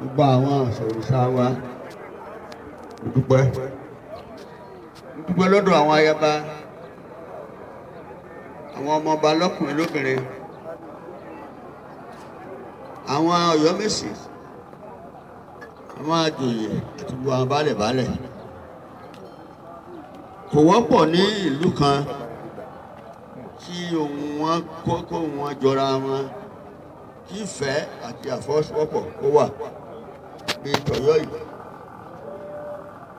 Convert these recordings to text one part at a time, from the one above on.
gbogbo àwọn àṣọ̀rọ̀ṣà wa dúpẹ́ dúpẹ́ lọ́dọ̀ àwọn ayaba àwọn ọmọọba lọ́kùnrin lóbìnrin àwọn Ọ̀yọ́mèsì àwọn àjòyè àti gbogbo àwọn baálẹ̀baálẹ̀ kò wọ́pọ̀ ní ìlú kan kí ohun wọn kó ohun wọn jọra wọn kí ìfẹ́ àti àfọwọ́sowọ́pọ̀ kó wà pé tọ̀yọ́ yìí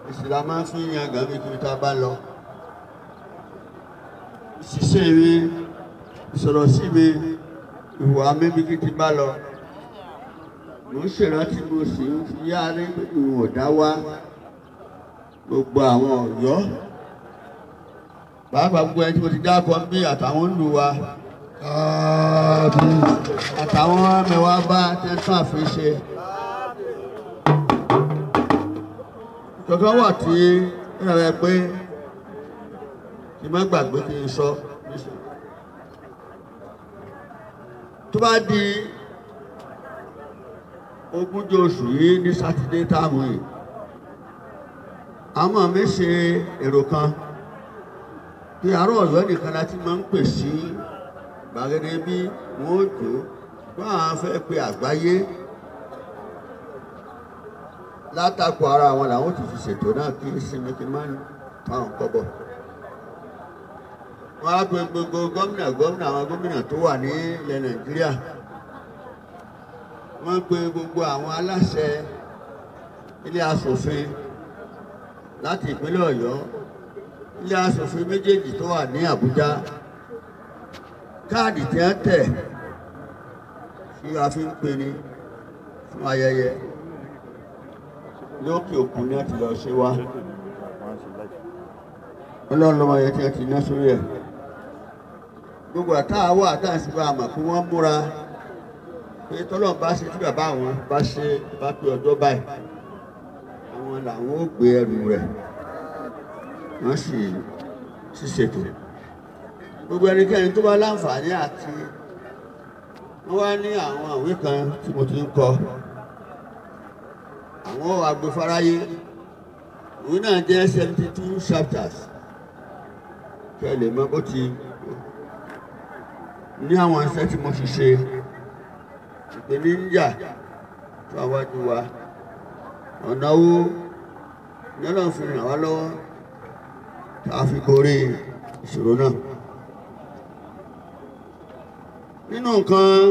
ìsìlá máa ń fi yan gàmí kí tá a bá lọ ìṣiṣẹ́ mi ìsọ̀rọ̀ sí mi ìwà mímí kí ti bá lọ mo ń ṣèrántí mo sì ń fi yára ìwọ̀n ọ̀dá wá gbogbo àwọn ọ̀yọ́ pàápàá gbogbo ẹni tí mo ti dáàbọ̀ ń bí àtàwọn ń lù wa àtàwọn mẹ́wàá bá tẹ́tàn àfiṣe. kankan wà tí ẹ̀rọ ẹ pé kí n má gbàgbé kí n sọ tó bá di ogúnjọ oṣù yìí ní sátidé táwọn yìí àwọn mi ṣe èrò kan pé àárọ̀ ọ̀yọ́ nìkan la ti máa ń pè sí gbàgede bí wọ́n ó jó wọ́n fẹ́ pe àgbáyé látàkù ara wọn làwọn ti fi ṣètò náà kí sinmi kí má táwọn kọ́ bọ̀. wọ́n á pe gbogbo gómìnà gómìnà àwọn gómìnà tó wà ní ilẹ̀ nàìjíríà wọ́n pe gbogbo àwọn aláṣẹ ilé asòfin láti ìpínlẹ̀ ọ̀yọ́ ilé asòfin méjèèjì tó wà ní àbújá káàdì tí wọ́n tẹ̀ fi àfi ń pe ni fún ayẹyẹ lókè òkun ní àti lọ ṣe wá ọlọ́run ló máa a kí ẹ ti ná sórí ẹ̀ gbogbo àtàwọ̀ àtàǹsí bá a mọ̀ pé wọ́n múra pé tọ́lọ́run bá ṣe tí bàbá àwọn bá ṣe bá pé ọjọ́ báyìí àwọn làwọn ó gbé ẹrù rẹ̀ wọ́n sì ṣíṣètò gbogbo ẹnikẹ́ni tó bá láǹfààní àti wọ́n wá ní àwọn àwé kan tí mo ti ń kọ àwọn agbèfaráyé òun náà jẹ́ seventy two chapters kí ẹ lè mọ bó ti ní àwọn iṣẹ́ tí mo ti ṣe ìpèníjà tó àwájú wa ọ̀nà owó lọ́nà fi ràn wá lọ́wọ́ tá a fi borí ìṣòro náà. nínú nǹkan.